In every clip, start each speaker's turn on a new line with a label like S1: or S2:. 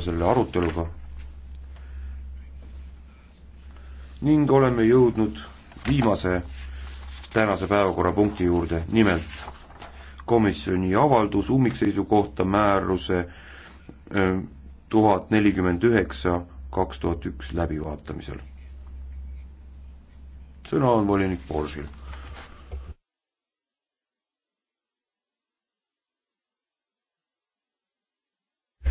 S1: jätkata selle aruteluga. ning oleme jõudnud viimase tänase päevakorrapunkti juurde, nimelt komisjoni avaldus ummikseisu kohta määruse tuhat nelikümmend üheksa kaks tuhat üks läbivaatamisel. sõna on volinik Borsil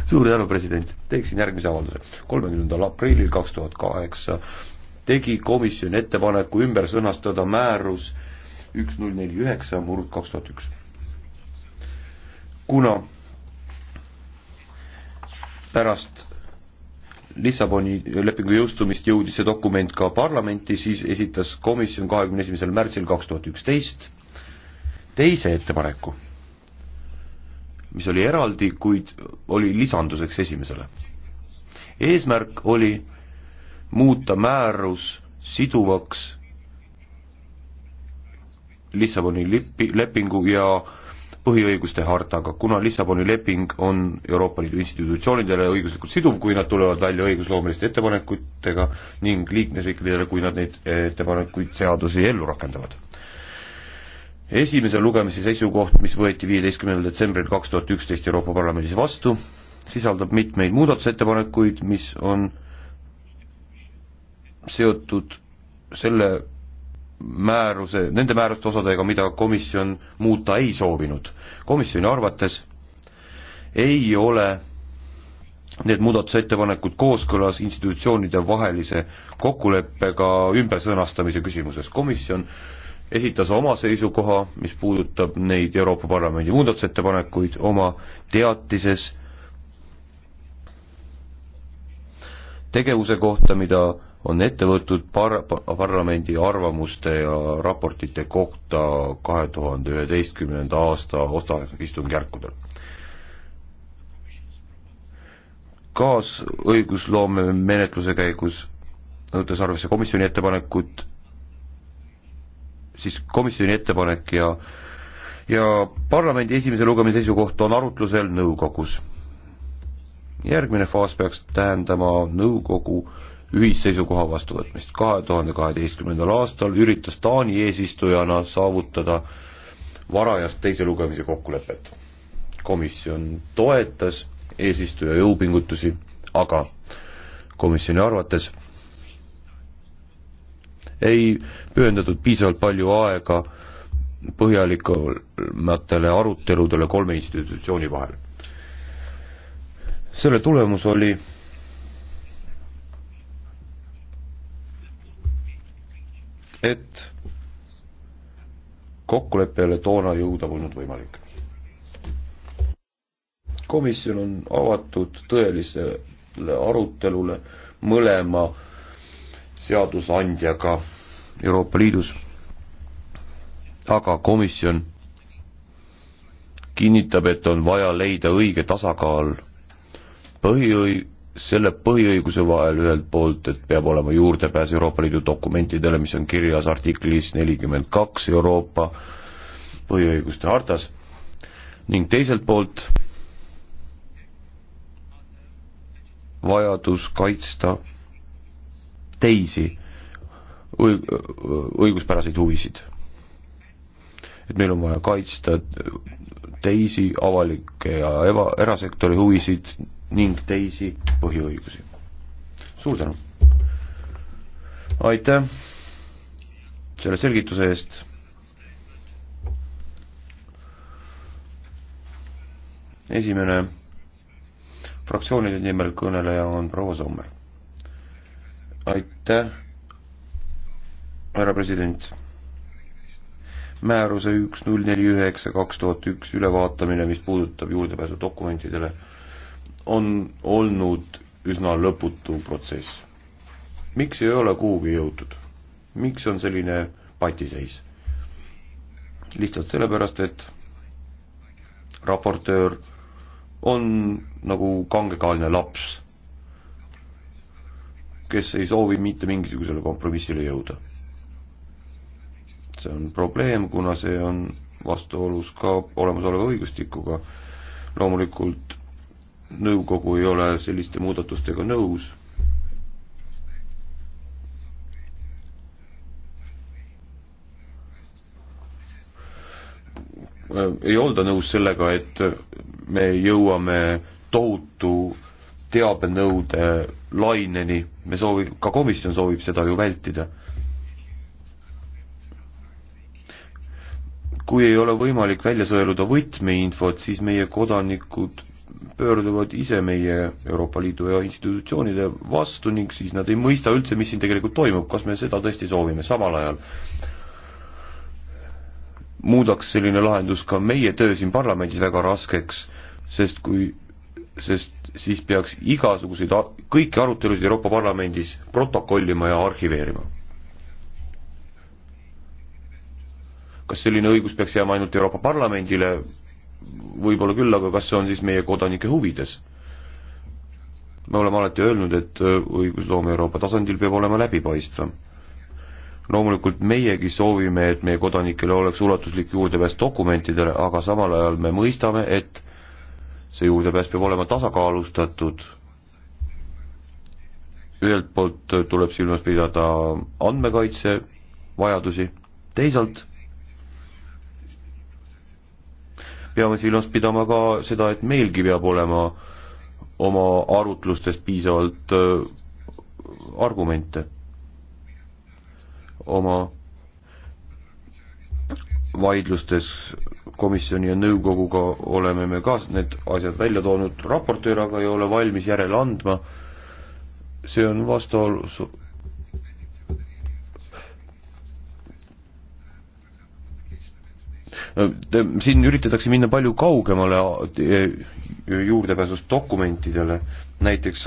S1: suur tänu, president, teeksin järgmise avalduse. kolmekümnendal aprillil kaks tuhat kaheksa tegi komisjon ettepaneku ümber sõnastada määrus üks null neli üheksa murd kaks tuhat üks. kuna pärast Lissaboni lepingu jõustumist jõudis see dokument ka parlamenti, siis esitas komisjon kahekümne esimesel märtsil kaks tuhat üksteist teise ettepaneku mis oli eraldi, kuid oli lisanduseks esimesele. eesmärk oli muuta määrus siduvaks Lissaboni lipi, lepingu ja põhiõiguste hartaga, kuna Lissaboni leping on Euroopa Liidu institutsioonidele õiguslikult siduv, kui nad tulevad välja õigusloomeliste ettepanekutega ning liikmesriikidele, kui nad neid ettepanekuid, seadusi ellu rakendavad esimese lugemise seisukoht, mis võeti viieteistkümnendal detsembril kaks tuhat üksteist Euroopa Parlamendis vastu, sisaldab mitmeid muudatusettepanekuid, mis on seotud selle määruse, nende määruste osadega, mida komisjon muuta ei soovinud. komisjoni arvates ei ole need muudatusettepanekud kooskõlas institutsioonide vahelise kokkuleppega ümbersõnastamise küsimuses. komisjon esitas oma seisukoha, mis puudutab neid Euroopa Parlamendi muudatusettepanekuid oma teatises tegevuse kohta, mida on ette võetud par-, parlamendi arvamuste ja raportite kohta kahe tuhande üheteistkümnenda aasta osaistungjärkudel. kaasõigusloome menetluse käigus, võttes arvesse komisjoni ettepanekut, siis komisjoni ettepanek ja ja parlamendi esimese lugemise seisukoht on arutlusel nõukogus. järgmine faas peaks tähendama nõukogu ühisseisukoha vastuvõtmist. kahe tuhande kaheteistkümnendal aastal üritas Taani eesistujana saavutada varajast teise lugemise kokkulepet. komisjon toetas eesistuja jõupingutusi, aga komisjoni arvates ei pühendatud piisavalt palju aega põhjalikumatele aruteludele kolme institutsiooni vahel. selle tulemus oli et kokkuleppele toona jõuda polnud võimalik. komisjon on avatud tõelisele arutelule mõlema seadusandjaga Euroopa Liidus, aga komisjon kinnitab, et on vaja leida õige tasakaal põhiõi-, selle põhiõiguse vahel ühelt poolt, et peab olema juurdepääs Euroopa Liidu dokumentidele, mis on kirjas artiklis nelikümmend kaks Euroopa põhiõiguste hartas, ning teiselt poolt vajadus kaitsta teisi õig-, õiguspäraseid huvisid. et meil on vaja kaitsta teisi avalikke ja eva-, erasektori huvisid ning teisi põhiõigusi. suur tänu! aitäh selle selgituse eest! esimene fraktsioonide nimel kõneleja on proua Sommer aitäh, härra president. määruse üks null neli üheksa kaks tuhat üks ülevaatamine, mis puudutab juurdepääsu dokumentidele, on olnud üsna lõputu protsess. miks ei ole kuhugi jõutud? miks on selline patiseis? lihtsalt sellepärast, et raportöör on nagu kangekaelne laps kes ei soovi mitte mingisugusele kompromissile jõuda. see on probleem, kuna see on vastuolus ka olemasoleva õigustikuga. loomulikult nõukogu ei ole selliste muudatustega nõus äh, ei olda nõus sellega, et me jõuame tohutu teabenõude laineni, me soovi-, ka komisjon soovib seda ju vältida. kui ei ole võimalik välja sõeluda võtmeinfot, siis meie kodanikud pöörduvad ise meie Euroopa Liidu ja institutsioonide vastu ning siis nad ei mõista üldse, mis siin tegelikult toimub, kas me seda tõesti soovime, samal ajal muudaks selline lahendus ka meie töö siin parlamendis väga raskeks, sest kui, sest siis peaks igasuguseid, kõiki arutelusid Euroopa Parlamendis protokollima ja arhiveerima. kas selline õigus peaks jääma ainult Euroopa Parlamendile, võib-olla küll, aga kas see on siis meie kodanike huvides? me oleme alati öelnud, et äh, õigusloome Euroopa tasandil peab olema läbipaistvam. loomulikult meiegi soovime, et meie kodanikele oleks ulatuslik juurdepääs dokumentidele, aga samal ajal me mõistame, et see juurdepääs peab olema tasakaalustatud, ühelt poolt tuleb silmas pidada andmekaitse vajadusi, teisalt peame silmas pidama ka seda, et meilgi peab olema oma arutlustes piisavalt äh, argumente oma vaidlustes komisjoni ja nõukoguga oleme me ka need asjad välja toonud, raportöör aga ei ole valmis järele andma, see on vastuolus siin üritatakse minna palju kaugemale juurdepääsust dokumentidele, näiteks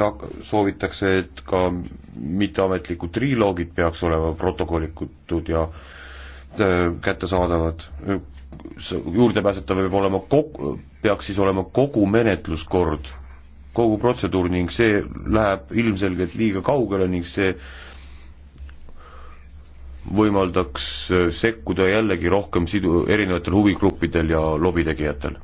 S1: soovitakse, et ka mitteametlikud triloogid peaks olema protokollitud ja äh, Äh, kättesaadavad, juurdepääsetav peab olema kogu, peaks siis olema kogu menetluskord, kogu protseduur ning see läheb ilmselgelt liiga kaugele ning see võimaldaks äh, sekkuda jällegi rohkem sidu, erinevatel huvigruppidel ja lobitegijatel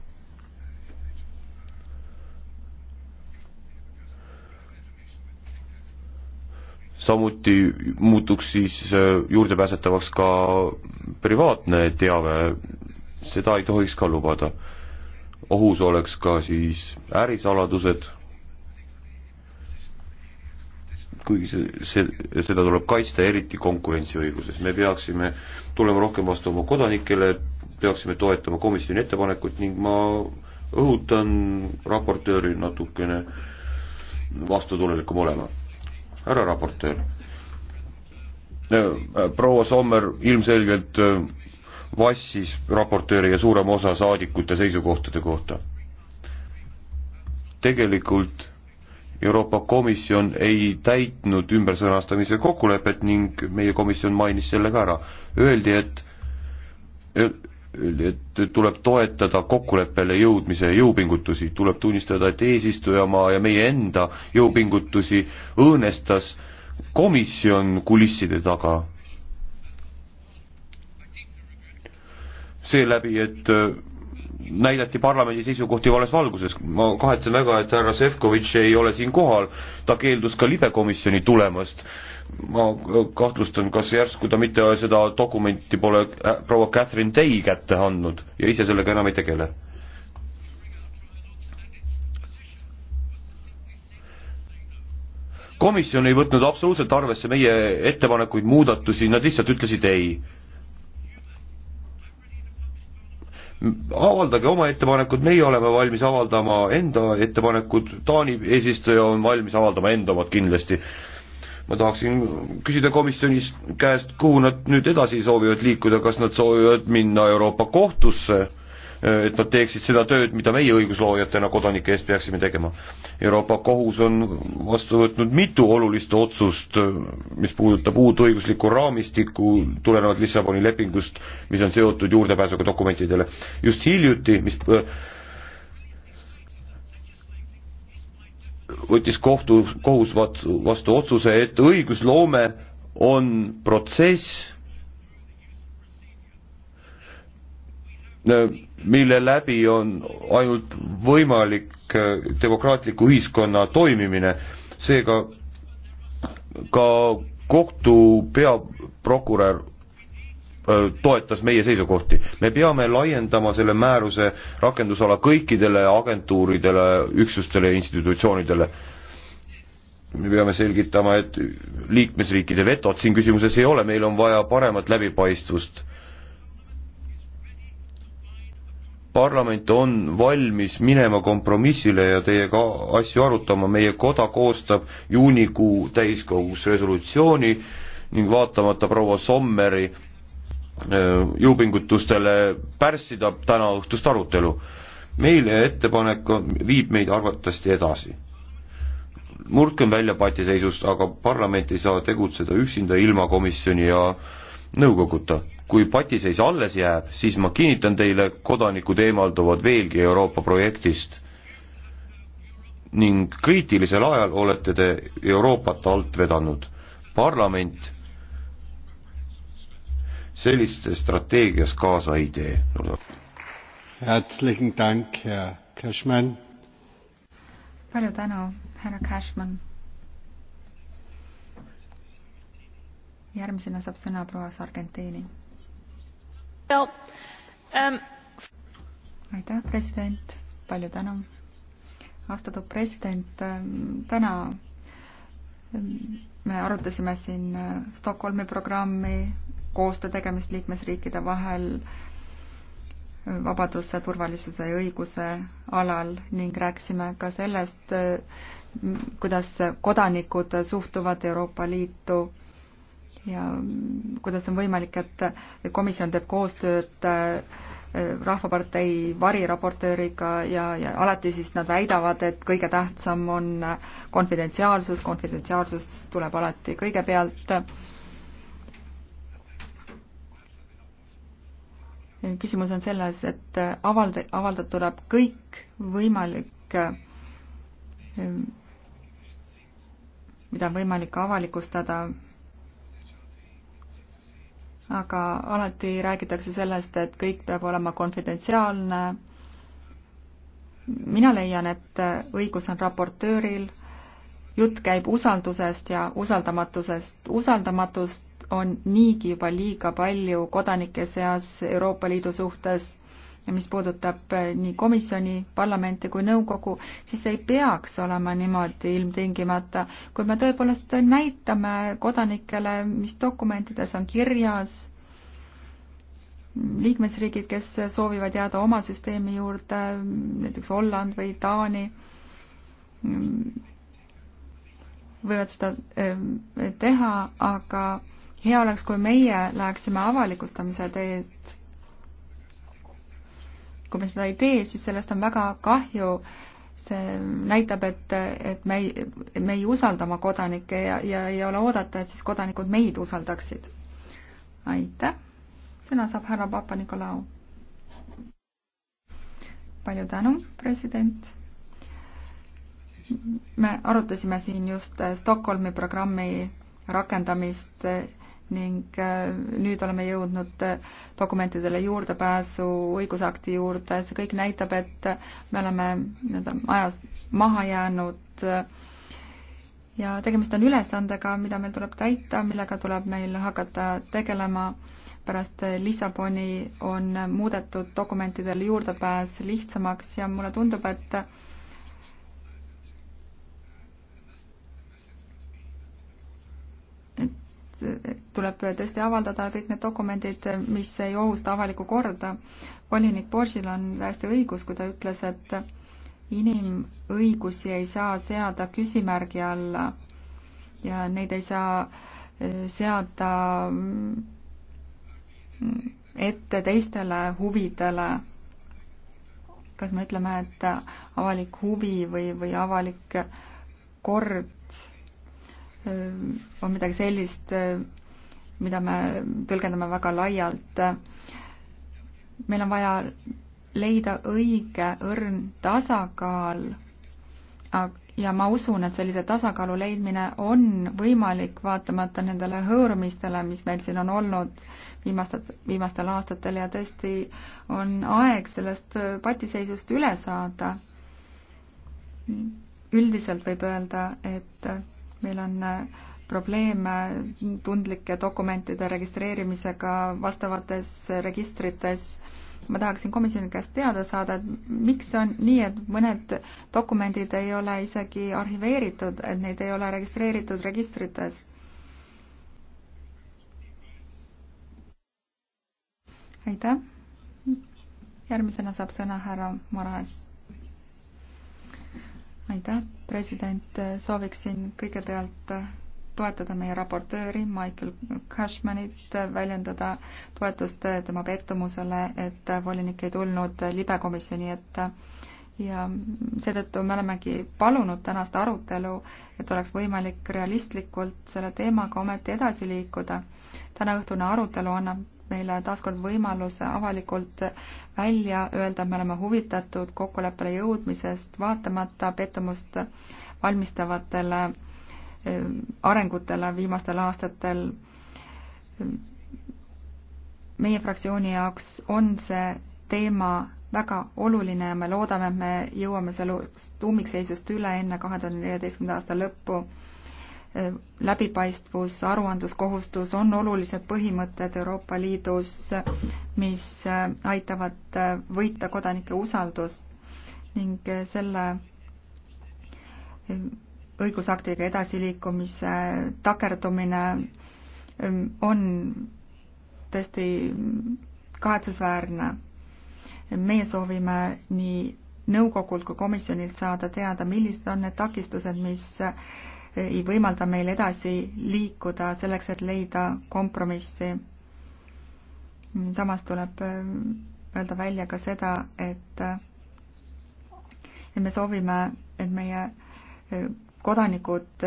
S1: samuti muutuks siis äh, juurdepääsetavaks ka privaatne teave, seda ei tohiks ka lubada. ohus oleks ka siis ärisaladused, kuigi see, see, seda tuleb kaitsta eriti konkurentsiõiguses, me peaksime tulema rohkem vastu oma kodanikele, peaksime toetama komisjoni ettepanekut ning ma õhutan raportööri natukene vastutulelikum olema härra raportöör. Äh, proua Sommer ilmselgelt äh, vassis raportööri ja suurema osa saadikute seisukohtade kohta. tegelikult Euroopa Komisjon ei täitnud ümbersõnastamise kokkulepet ning meie komisjon mainis selle ka ära. Öeldi, et et tuleb toetada kokkuleppele jõudmise jõupingutusi, tuleb tunnistada, et eesistujamaa ja meie enda jõupingutusi õõnestas komisjon kulisside taga. seeläbi, et äh, näidati parlamendi seisukohti vales valguses, ma kahetsen väga, et härra Sefkovitš ei ole siin kohal, ta keeldus ka libekomisjoni tulemast ma kahtlustan, kas järsku ta mitte seda dokumenti pole proua Catherine Day kätte andnud ja ise sellega enam ei tegele. komisjon ei võtnud absoluutselt arvesse meie ettepanekuid, muudatusi, nad lihtsalt ütlesid ei. avaldage oma ettepanekud, meie oleme valmis avaldama enda ettepanekud, Taani eesistuja on valmis avaldama enda omad kindlasti ma tahaksin küsida komisjonis käest, kuhu nad nüüd edasi soovivad liikuda, kas nad soovivad minna Euroopa kohtusse, et nad teeksid seda tööd, mida meie õigusloojatena kodanike eest peaksime tegema. Euroopa Kohus on vastu võtnud mitu olulist otsust, mis puudutab uut õiguslikku raamistikku tulenevalt Lissaboni lepingust, mis on seotud juurdepääsuga dokumentidele. just hiljuti, mis võttis kohtu, kohus vastu, vastu otsuse, et õigusloome on protsess, mille läbi on ainult võimalik äh, demokraatliku ühiskonna toimimine, seega ka kohtu peaprokurör Äh, toetas meie seisukohti. me peame laiendama selle määruse rakendusala kõikidele agentuuridele, üksustele ja institutsioonidele. me peame selgitama, et liikmesriikide vetot siin küsimuses ei ole, meil on vaja paremat läbipaistvust. parlament on valmis minema kompromissile ja teiega asju arutama, meie koda koostab juunikuu täiskogus resolutsiooni, ning vaatamata proua Sommeri jõupingutustele pärssida tänaõhtust arutelu. meile ettepanek viib meid arvatavasti edasi. murdkem välja patiseisust, aga parlament ei saa tegutseda üksinda ilma komisjoni ja nõukoguta. kui patiseis alles jääb, siis ma kinnitan teile, kodanikud eemalduvad veelgi Euroopa projektist ning kriitilisel ajal olete te Euroopat alt vedanud. parlament sellist strateegias kaasa ei tee. Herzlichen Dank, Herr Cashman.
S2: palju tänu, härra Cashman. järgmisena saab sõna proua Sargentini. Um, aitäh, president, palju tänu. austatud president, ähm, täna ähm, me arutasime siin äh, Stockholmi programmi koostöö tegemist liikmesriikide vahel vabaduse, turvalisuse ja õiguse alal ning rääkisime ka sellest, kuidas kodanikud suhtuvad Euroopa Liitu ja kuidas on võimalik, et komisjon teeb koostööd äh, Rahvapartei variraportööriga ja, ja alati siis nad väidavad, et kõige tähtsam on konfidentsiaalsus, konfidentsiaalsus tuleb alati kõigepealt küsimus on selles, et avald-, avaldada tuleb kõik võimalik, mida on võimalik avalikustada, aga alati räägitakse sellest, et kõik peab olema konfidentsiaalne, mina leian, et õigus on raportööril, jutt käib usaldusest ja usaldamatusest. usaldamatust on niigi juba liiga palju kodanike seas Euroopa Liidu suhtes ja mis puudutab eh, nii komisjoni, parlamenti kui nõukogu, siis ei peaks olema niimoodi ilmtingimata, kui me tõepoolest näitame kodanikele, mis dokumentides on kirjas, liikmesriigid, kes soovivad jääda oma süsteemi juurde, näiteks Holland või Taani, võivad seda eh, teha, aga hea oleks, kui meie läheksime avalikustamise teed. kui me seda ei tee, siis sellest on väga kahju. see näitab, et, et me ei, me ei usalda oma kodanikke ja, ja ei ole oodata, et siis kodanikud meid usaldaksid. aitäh. sõna saab härra Papa-Nikolau. palju tänu, president me arutasime siin just Stockholmi programmi rakendamist ning äh, nüüd oleme jõudnud äh, dokumentidele juurdepääsu õigusakti juurde, see kõik näitab, et äh, me oleme nii-öelda ajas maha jäänud ja tegemist on ülesandega, mida meil tuleb täita, millega tuleb meil hakata tegelema. pärast Lissaboni on muudetud dokumentidele juurdepääs lihtsamaks ja mulle tundub, et tuleb tõesti avaldada kõik need dokumendid, mis ei ohusta avalikku korda. volinik Borsil on täiesti õigus, kui ta ütles, et inimõigusi ei saa seada küsimärgi alla ja neid ei saa eh, seada mm, ette teistele huvidele. kas me ütleme, et avalik huvi või, või avalik kord Äh, on midagi sellist, äh, mida me tõlgendame väga laialt. meil on vaja leida õige õrn tasakaal ja ma usun, et sellise tasakaalu leidmine on võimalik, vaatamata nendele hõõrumistele, mis meil siin on olnud viimastel, viimastel aastatel ja tõesti on aeg sellest äh, patiseisust üle saada. üldiselt võib öelda, et meil on äh, probleeme äh, tundlike dokumentide registreerimisega vastavates äh, registrites. ma tahaksin komisjoni käest teada saada, et miks on nii, et mõned dokumendid ei ole isegi arhiveeritud, et neid ei ole registreeritud registrites? aitäh. järgmisena saab sõna härra Maras aitäh, president, sooviksin kõigepealt toetada meie raportööri Michael Cashmanit, väljendada toetust tema pettumusele, et volinik ei tulnud libekomisjoni ette ja seetõttu me olemegi palunud tänast arutelu, et oleks võimalik realistlikult selle teemaga ometi edasi liikuda. tänaõhtune arutelu annab annab meile taaskord võimaluse avalikult välja öelda, et me oleme huvitatud kokkuleppele jõudmisest, vaatamata pettumust valmistavatele ähm, arengutele viimastel aastatel. meie fraktsiooni jaoks on see teema väga oluline ja me loodame, et me jõuame sellest ummikseisust üle enne kahe tuhande neljateistkümnenda aasta lõppu läbipaistvus, aruandluskohustus on olulised põhimõtted Euroopa Liidus, mis aitavad võita kodanike usaldust ning selle õigusaktiga edasiliikumise takerdumine ähm, on tõesti kahetsusväärne. meie soovime nii nõukogult kui komisjonilt saada teada, millised on need takistused, mis ei võimalda meil edasi liikuda selleks, et leida kompromissi. samas tuleb äh, öelda välja ka seda, et, et äh, me soovime, et meie äh, kodanikud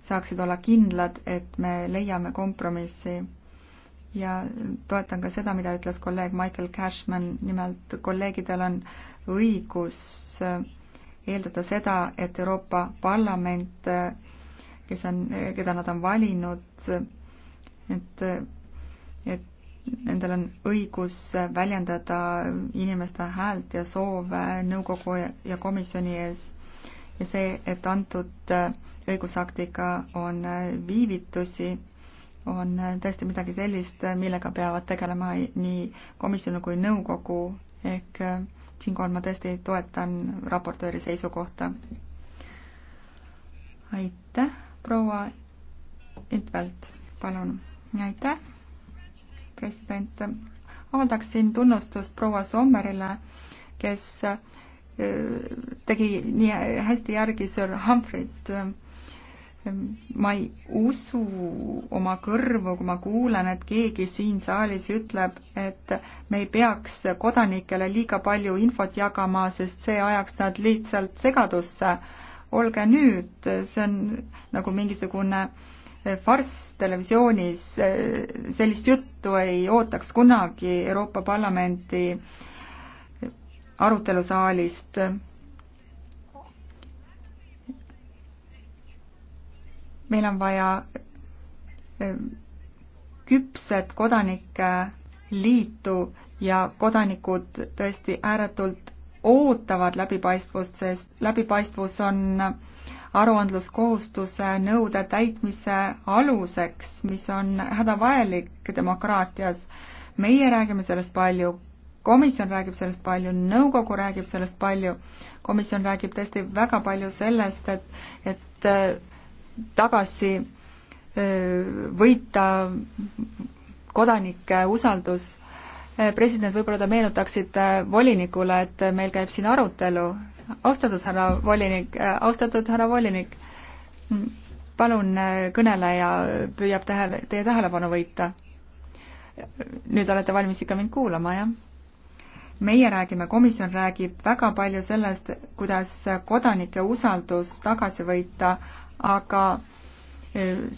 S2: saaksid olla kindlad, et me leiame kompromissi. ja toetan ka seda, mida ütles kolleeg Michael Cashman, nimelt kolleegidel on õigus äh, eeldada seda, et Euroopa Parlament, kes on, keda nad on valinud, et, et nendel on õigus väljendada inimeste häält ja soove nõukogu ja komisjoni ees ja see, et antud õigusaktiga on viivitusi, on tõesti midagi sellist, millega peavad tegelema nii komisjon kui nõukogu ehk siinkohal ma tõesti toetan raportööri seisukohta. aitäh, proua Intvelt, palun. aitäh, president. avaldaksin tunnustust proua Sommerile, kes äh, tegi nii hästi järgi Sir Humphrey't ma ei usu oma kõrvu, kui ma kuulen, et keegi siin saalis ütleb, et me ei peaks kodanikele liiga palju infot jagama, sest see ajaks nad lihtsalt segadusse. olge nüüd, see on nagu mingisugune farss televisioonis, sellist juttu ei ootaks kunagi Euroopa Parlamenti arutelusaalist meil on vaja e, küpset kodanike liitu ja kodanikud tõesti ääretult ootavad läbipaistvust, sest läbipaistvus on aruandluskohustuse nõude täitmise aluseks, mis on hädavajalik demokraatias. meie räägime sellest palju, komisjon räägib sellest palju, nõukogu räägib sellest palju, komisjon räägib tõesti väga palju sellest, et, et tagasi võita kodanike usaldus. president, võib-olla te meenutaksite volinikule, et meil käib siin arutelu. austatud härra volinik, austatud härra volinik, palun kõneleja püüab tähele, teie tähelepanu võita. nüüd olete valmis ikka mind kuulama, jah? meie räägime, komisjon räägib väga palju sellest, kuidas kodanike usaldus tagasi võita, aga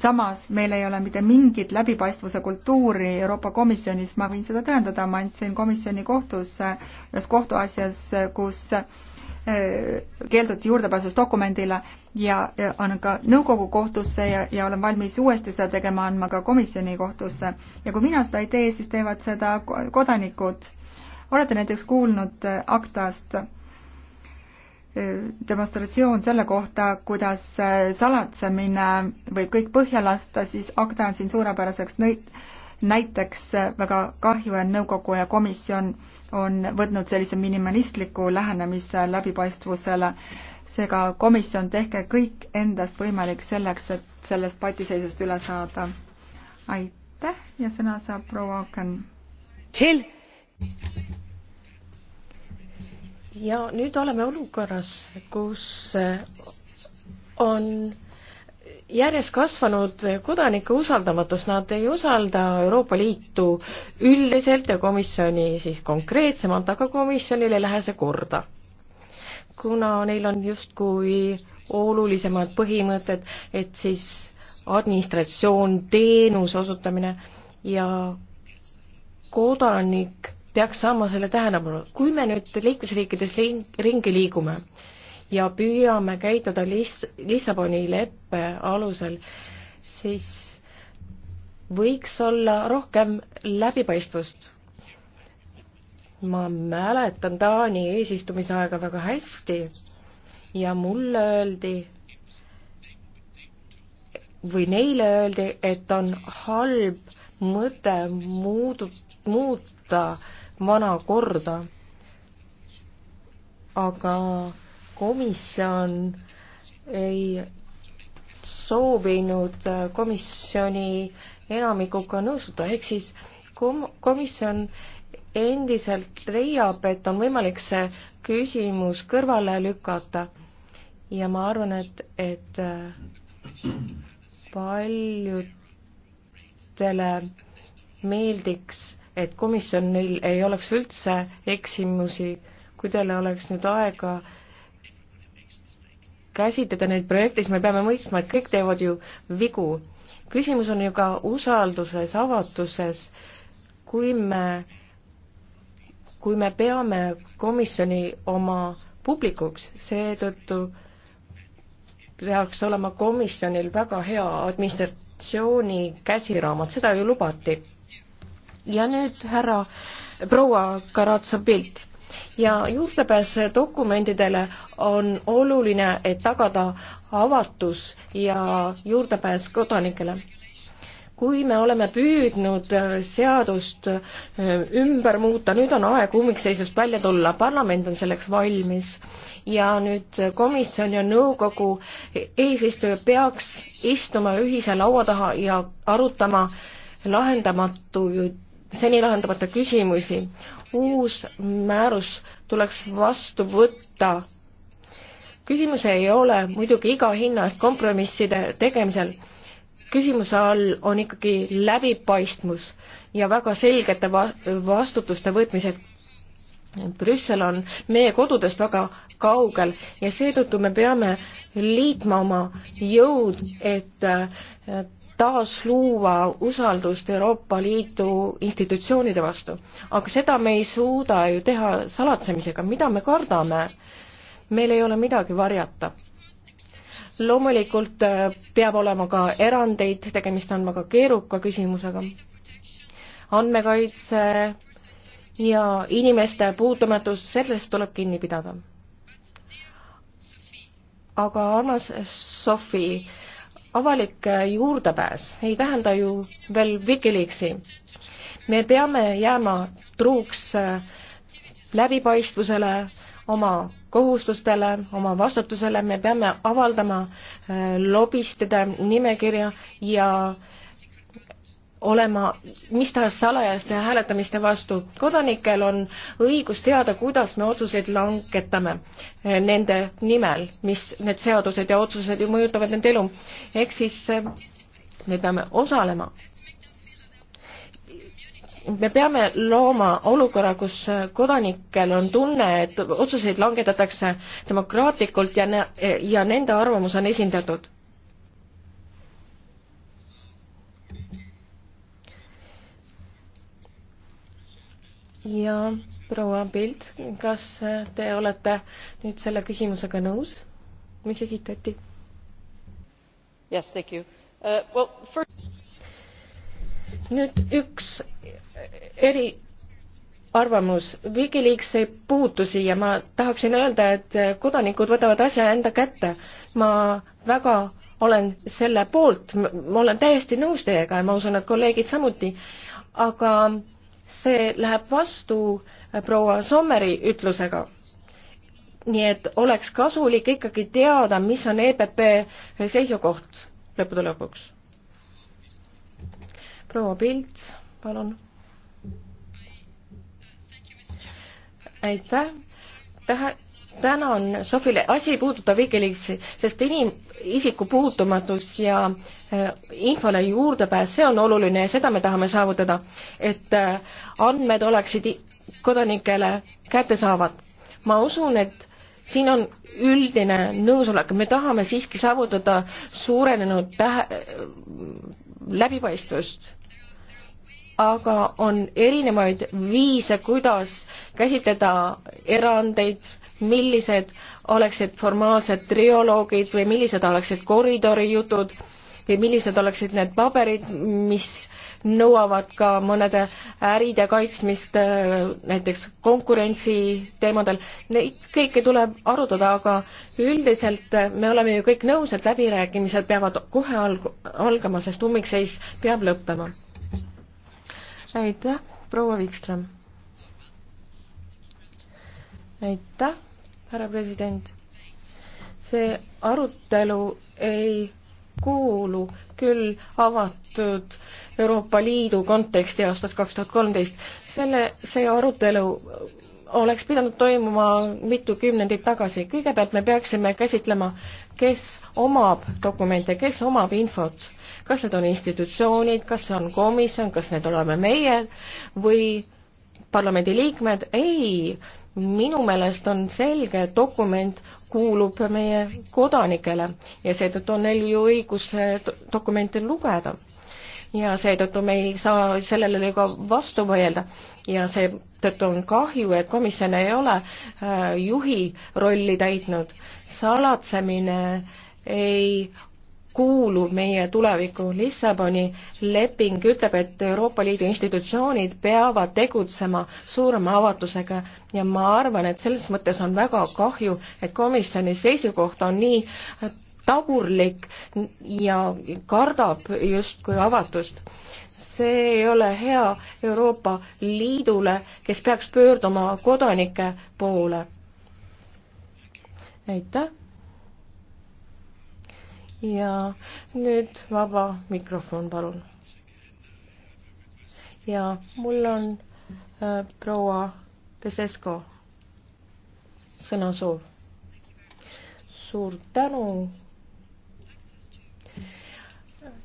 S2: samas meil ei ole mitte mingit läbipaistvuse kultuuri Euroopa Komisjonis, ma võin seda tõendada, ma andsin komisjoni kohtusse ühes kohtuasjas, kus keelduti juurdepääsust dokumendile ja annan ka nõukogu kohtusse ja, ja olen valmis uuesti seda tegema, andma ka komisjoni kohtusse. ja kui mina seda ei tee, siis teevad seda kodanikud. olete näiteks kuulnud äh, aktast äh, demonstratsioon selle kohta, kuidas äh, salatsemine võib kõik põhja lasta, siis ACTA on siin suurepäraseks nõid-, näiteks äh, väga kahju, et nõukogu ja komisjon on võtnud sellise minimalistliku lähenemise läbipaistvusele. seega komisjon, tehke kõik endast võimalik selleks, et sellest patiseisust üle saada. aitäh ja sõna saab proua Aken
S3: ja nüüd oleme olukorras, kus on järjest kasvanud kodanike usaldamatus, nad ei usalda Euroopa Liitu üldiselt ja komisjoni siis konkreetsemalt, aga komisjonil ei lähe see korda. kuna neil on justkui olulisemad põhimõtted, et siis administratsioon, teenuse osutamine ja kodanik peaks saama selle tähelepanu. kui me nüüd liikmesriikides ring, ringi liigume ja püüame käituda Liss-, Lissaboni leppe alusel, siis võiks olla rohkem läbipaistvust. ma mäletan Taani eesistumise aega väga hästi ja mulle öeldi või neile öeldi, et on halb mõte muudu-, muuta äh, vana korda. aga komisjon ei soovinud komisjoni enamikuga nõustuda, ehk siis kom-, komisjon endiselt leiab, et on võimalik see küsimus kõrvale lükata. ja ma arvan, et, et äh, paljudele meeldiks et komisjonil ei oleks üldse eksimusi, kui teil oleks nüüd aega käsitleda neid projekte, siis me peame mõistma, et kõik teevad ju vigu. küsimus on ju ka usalduses, avatuses, kui me, kui me peame komisjoni oma publikuks, seetõttu peaks olema komisjonil väga hea administratsiooni käsiraamat, seda ju lubati ja nüüd härra proua Karatsa pilt ja juurdepääs dokumentidele on oluline, et tagada avatus ja juurdepääs kodanikele. kui me oleme püüdnud äh, seadust äh, ümber muuta, nüüd on aeg ummikseisust välja tulla, parlament on selleks valmis ja nüüd komisjon ja nõukogu eesistuja peaks istuma ühise laua taha ja arutama lahendamatuid seni lahendamata küsimusi. uus määrus tuleks vastu võtta. küsimus ei ole muidugi iga hinna eest kompromisside tegemisel. küsimuse all on ikkagi läbipaistvus ja väga selgete va-, vastutuste võtmised Brüssel on meie kodudest väga kaugel ja seetõttu me peame liitma oma jõud, et taasluua usaldust Euroopa Liidu institutsioonide vastu. aga seda me ei suuda ju teha salatsemisega, mida me kardame? meil ei ole midagi varjata. loomulikult äh, peab olema ka erandeid, tegemist on väga keeruka küsimusega. andmekaitse ja inimeste puutumatus, sellest tuleb kinni pidada. aga armas Sofi, avalik äh, juurdepääs ei tähenda ju veel Wikileaksi. me peame jääma truuks äh, läbipaistvusele, oma kohustustele, oma vastutusele, me peame avaldama äh, lobistide nimekirja ja äh, olema mis tahes salajaste hääletamiste vastu. kodanikel on õigus teada, kuidas me otsuseid langetame eh, nende nimel, mis need seadused ja otsused ju mõjutavad nende elu. ehk siis eh, me peame osalema. me peame looma olukorra, kus eh, kodanikel on tunne, et otsuseid langetatakse demokraatlikult ja, ja nende arvamus on esindatud ja proua Pilt, kas te olete nüüd selle küsimusega nõus, mis esitati? Yes, thank you. Uh, well, first... nüüd üks eri arvamus. Wikileaks ei puutu siia, ma tahaksin öelda, et kodanikud võtavad asja enda kätte. ma väga olen selle poolt, ma olen täiesti nõus teiega ja ma usun, et kolleegid samuti, aga see läheb vastu äh, proua Sommeri ütlusega. nii et oleks kasulik ikkagi teada, mis on EPP seisukoht lõppude lõpuks. proua Pilt, palun. aitäh, tähe-, tänan Sofile, asi ei puuduta Wikileaksi, sest inim-, isiku puutumatus ja äh, infole juurdepääs, see on oluline ja seda me tahame saavutada, et äh, andmed oleksid kodanikele kättesaavad. ma usun, et siin on üldine nõusolek, me tahame siiski saavutada suurenenud tähe-,
S1: äh,
S3: läbipaistvust aga on erinevaid viise, kuidas käsitleda erandeid, millised oleksid formaalsed trioloogid või millised oleksid koridorijutud või millised oleksid need paberid, mis nõuavad ka mõnede äride kaitsmist äh, näiteks konkurentsi teemadel. Neid kõike tuleb arutada, aga üldiselt äh, me oleme ju kõik nõus, et läbirääkimised peavad kohe alg-, algama, sest ummikseis peab lõppema aitäh, proua Vikström. aitäh, härra president. see arutelu ei kuulu küll avatud Euroopa Liidu konteksti aastast kaks tuhat kolmteist. selle, see arutelu oleks pidanud toimuma mitu kümnendit tagasi. kõigepealt me peaksime käsitlema, kes omab dokumente, kes omab infot kas need on institutsioonid, kas see on komisjon, kas need oleme meie või parlamendiliikmed, ei, minu meelest on selge, et dokument kuulub meie kodanikele ja seetõttu on neil ju õigus dokumente lugeda. ja seetõttu me ei saa sellele ju ka vastu vaielda ja seetõttu on kahju, et komisjon ei ole äh, juhi rolli täitnud. salatsemine ei kuulub meie tulevikku. Lissaboni leping ütleb, et Euroopa Liidu institutsioonid peavad tegutsema suurema avatusega ja ma arvan, et selles mõttes on väga kahju, et komisjoni seisukoht on nii tagurlik ja kardab justkui avatust. see ei ole hea Euroopa Liidule, kes peaks pöörduma kodanike poole. aitäh! ja nüüd vaba mikrofon, palun. ja mul on äh, proua Pesesko sõnasoov. suur tänu.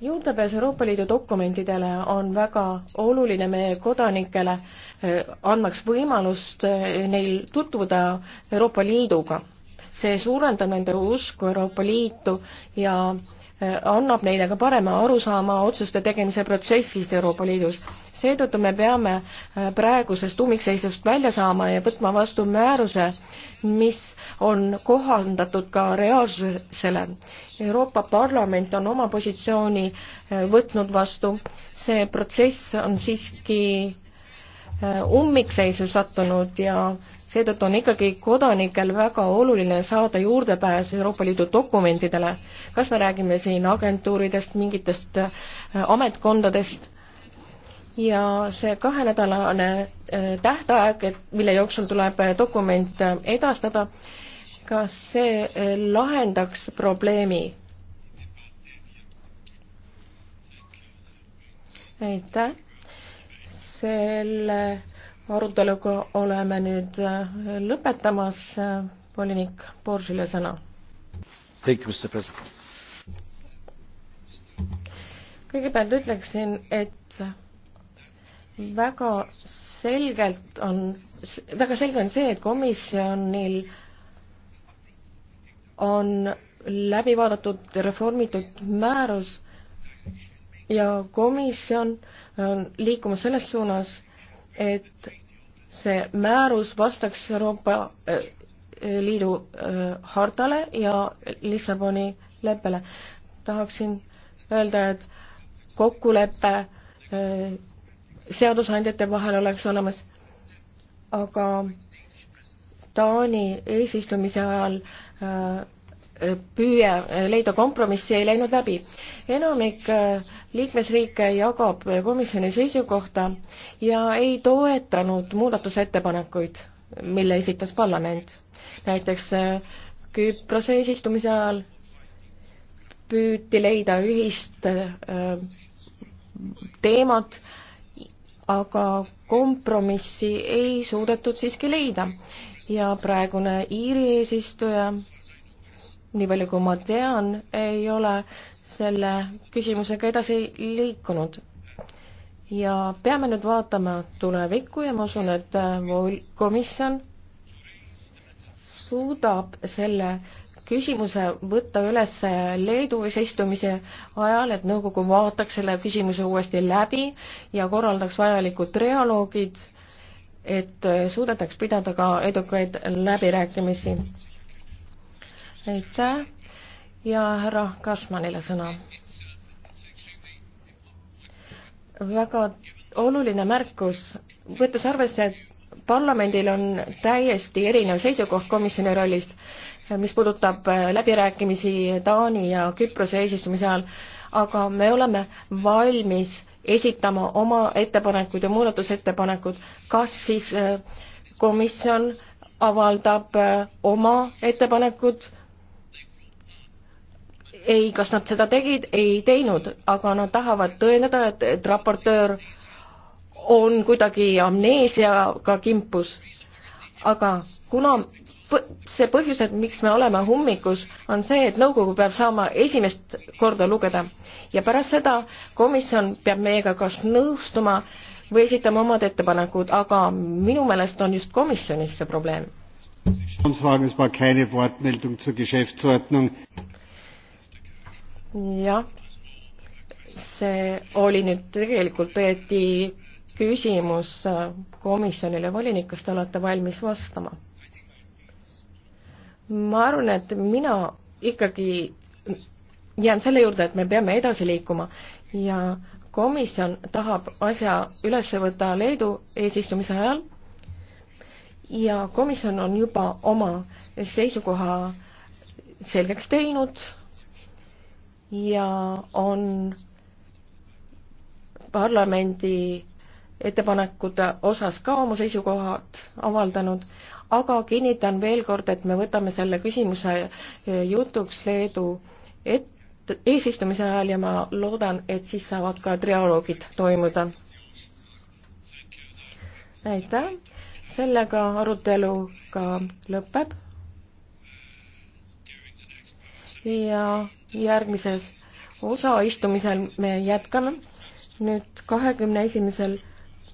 S3: juurdepääs Euroopa Liidu dokumentidele on väga oluline meie kodanikele, äh, andmaks võimalust äh, neil tutvuda Euroopa Liiduga see suurendab nende usku Euroopa Liitu ja äh, annab neile ka parema arusaama otsuste tegemise protsessist Euroopa Liidus. seetõttu me peame äh, praegusest ummikseisust välja saama ja võtma vastu määruse, mis on kohandatud ka reaalsusele. Euroopa Parlament on oma positsiooni äh, võtnud vastu, see protsess on siiski ummikseisu sattunud ja seetõttu on ikkagi kodanikel väga oluline saada juurdepääs Euroopa Liidu dokumentidele. kas me räägime siin agentuuridest, mingitest äh, ametkondadest ja see kahenädalane äh, tähtaeg, et mille jooksul tuleb äh, dokument edastada, kas see lahendaks probleemi? aitäh selle aruteluga oleme nüüd äh, lõpetamas. volinik Boržile sõna. kõigepealt ütleksin, et väga selgelt on, väga selge on see, et komisjonil on läbi vaadatud reformitud määrus ja komisjon on liikumas selles suunas, et see määrus vastaks Euroopa äh, Liidu äh, hartale ja Lissaboni leppele. tahaksin öelda, et kokkulepe äh, seadusandjate vahel oleks olemas, aga Taani eesistumise ajal äh, püüe äh, leida kompromissi ei läinud läbi. enamik äh, liikmesriike jagab komisjoni seisukohta ja ei toetanud muudatusettepanekuid, mille esitas parlament. näiteks äh, Küprose eesistumise ajal püüti leida ühist teemat, aga kompromissi ei suudetud siiski leida ja praegune Iiri eesistuja nii palju kui ma tean, ei ole selle küsimusega edasi liikunud. ja peame nüüd vaatama tulevikku ja ma usun, et äh, komisjon suudab selle küsimuse võtta üles Leedu eesistumise ajal, et nõukogu vaataks selle küsimuse uuesti läbi ja korraldaks vajalikud trialoogid, et äh, suudetaks pidada ka edukaid läbirääkimisi aitäh ja härra Kasmanile sõna. väga oluline märkus, võttes arvesse, et parlamendil on täiesti erinev seisukoht komisjoni rollist, mis puudutab äh, läbirääkimisi Taani ja Küprose eesistumise ajal, aga me oleme valmis esitama oma ettepanekuid ja muudatusettepanekud, kas siis äh, komisjon avaldab äh, oma ettepanekud ei, kas nad seda tegid, ei teinud, aga nad tahavad tõendada, et, et raportöör on kuidagi amneesiaga kimpus. aga kuna see põhjus, et miks me oleme ummikus, on see, et nõukogu peab saama esimest korda lugeda ja pärast seda komisjon peab meiega kas nõustuma või esitama omad ettepanekud, aga minu meelest on just komisjonis see probleem jah, see oli nüüd tegelikult õieti küsimus komisjonile, volinik, kas te olete valmis vastama? ma arvan, et mina ikkagi jään selle juurde, et me peame edasi liikuma ja komisjon tahab asja üles võtta Leedu eesistumise ajal ja komisjon on juba oma seisukoha selgeks teinud ja on parlamendi ettepanekute osas ka oma seisukohad avaldanud, aga kinnitan veel kord, et me võtame selle küsimuse jutuks Leedu et-, eesistumise ajal ja ma loodan, et siis saavad ka trialoogid toimuda. aitäh, sellega arutelu ka lõpeb ja järgmises osaistumisel me jätkame nüüd kahekümne esimesel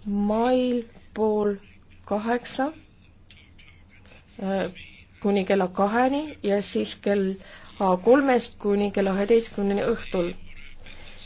S3: mail pool kaheksa äh, kuni kella kaheni ja siis kella kolmest kuni kella üheteistkümneni õhtul